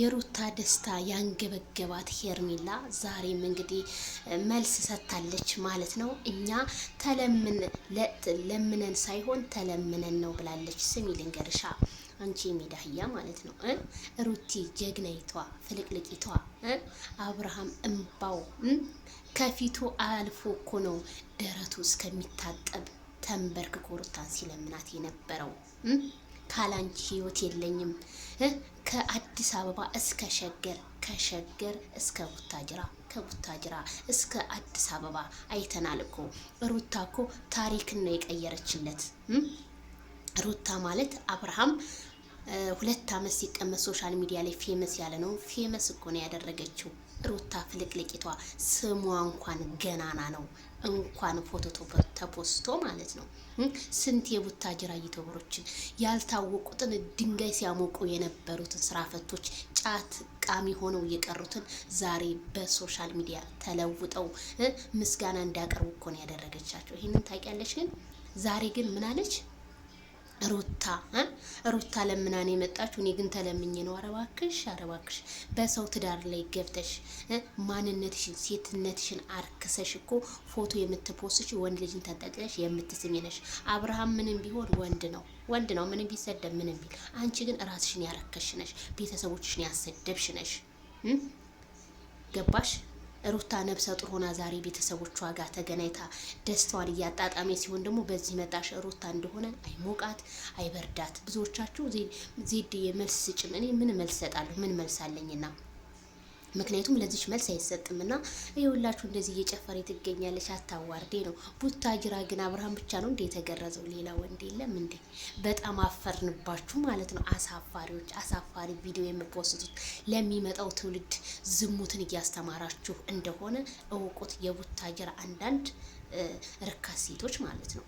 የሩታ ደስታ ያንገበገባት ሄርሜላ ዛሬም እንግዲህ መልስ ሰጥታለች ማለት ነው። እኛ ተለምን ለምነን ሳይሆን ተለምነን ነው ብላለች። ስሚ ልንገርሻ አንቺ የሜዳህያ ማለት ነው ሩቲ ጀግናይቷ ፍልቅልቂቷ አብርሃም እምባው ከፊቱ አልፎ እኮ ነው ደረቱ እስከሚታጠብ ተንበርክኮ ሩታን ሲለምናት የነበረው ካላንቺ ህይወት የለኝም። ከአዲስ አበባ እስከ ሸገር፣ ከሸገር እስከ ቡታጅራ፣ ከቡታጅራ እስከ አዲስ አበባ አይተናል እኮ። ሩታ እኮ ታሪክን ነው የቀየረችለት። ሩታ ማለት አብርሃም ሁለት አመት ሲቀመጥ ሶሻል ሚዲያ ላይ ፌመስ ያለ ነው። ፌመስ እኮ ነው ያደረገችው ሩታ ፍልቅልቂቷ። ስሟ እንኳን ገናና ነው እንኳን ፎቶ ተፖስቶ ማለት ነው። ስንት የቡታ ጅራ ዩቱበሮችን ያልታወቁትን ድንጋይ ሲያሞቁ የነበሩትን ስራ ፈቶች ጫት ቃሚ ሆነው የቀሩትን ዛሬ በሶሻል ሚዲያ ተለውጠው ምስጋና እንዲያቀርቡ እኮ ነው ያደረገቻቸው። ይህንን ታውቂያለሽ። ግን ዛሬ ግን ምናለች? ሩታ ሩታ ለምናን የመጣችሁ? እኔ ግን ተለምኝ ነው። አረባክሽ አረባክሽ በሰው ትዳር ላይ ገብተሽ ማንነትሽን ሴትነትሽን አርክሰሽ እኮ ፎቶ የምትፖስች ወንድ ልጅን ተጠቅለሽ የምትስሜ ነሽ። አብርሃም ምንም ቢሆን ወንድ ነው ወንድ ነው፣ ምንም ቢሰደብ ምንም ቢል። አንቺ ግን ራስሽን ያረከሽ ነሽ፣ ቤተሰቦችሽን ያሰደብሽ ነሽ። ገባሽ? ሩታ ነብሰ ጡር ሆና ዛሬ ቤተሰቦቿ ጋር ተገናኝታ ደስታዋን እያጣጣሚ ሲሆን ደግሞ በዚህ መጣሽ ሩታ እንደሆነ አይሞቃት አይበርዳት። ብዙዎቻችሁ ዜድ የመልስ ስጭም። እኔ ምን መልስ ሰጣለሁ? ምን መልስ አለኝና ምክንያቱም ለዚች መልስ አይሰጥም እና ይኸውላችሁ እንደዚህ እየጨፈረ ትገኛለች። አታዋርዴ ነው። ቡታጅራ ግን አብርሃም ብቻ ነው እንዴ የተገረዘው? ሌላ ወንድ የለም እንዴ? በጣም አፈርንባችሁ ማለት ነው። አሳፋሪዎች፣ አሳፋሪ ቪዲዮ የምትወስቱት ለሚመጣው ትውልድ ዝሙትን እያስተማራችሁ እንደሆነ እውቁት። የቡታጅራ አንዳንድ ርካስ ሴቶች ማለት ነው።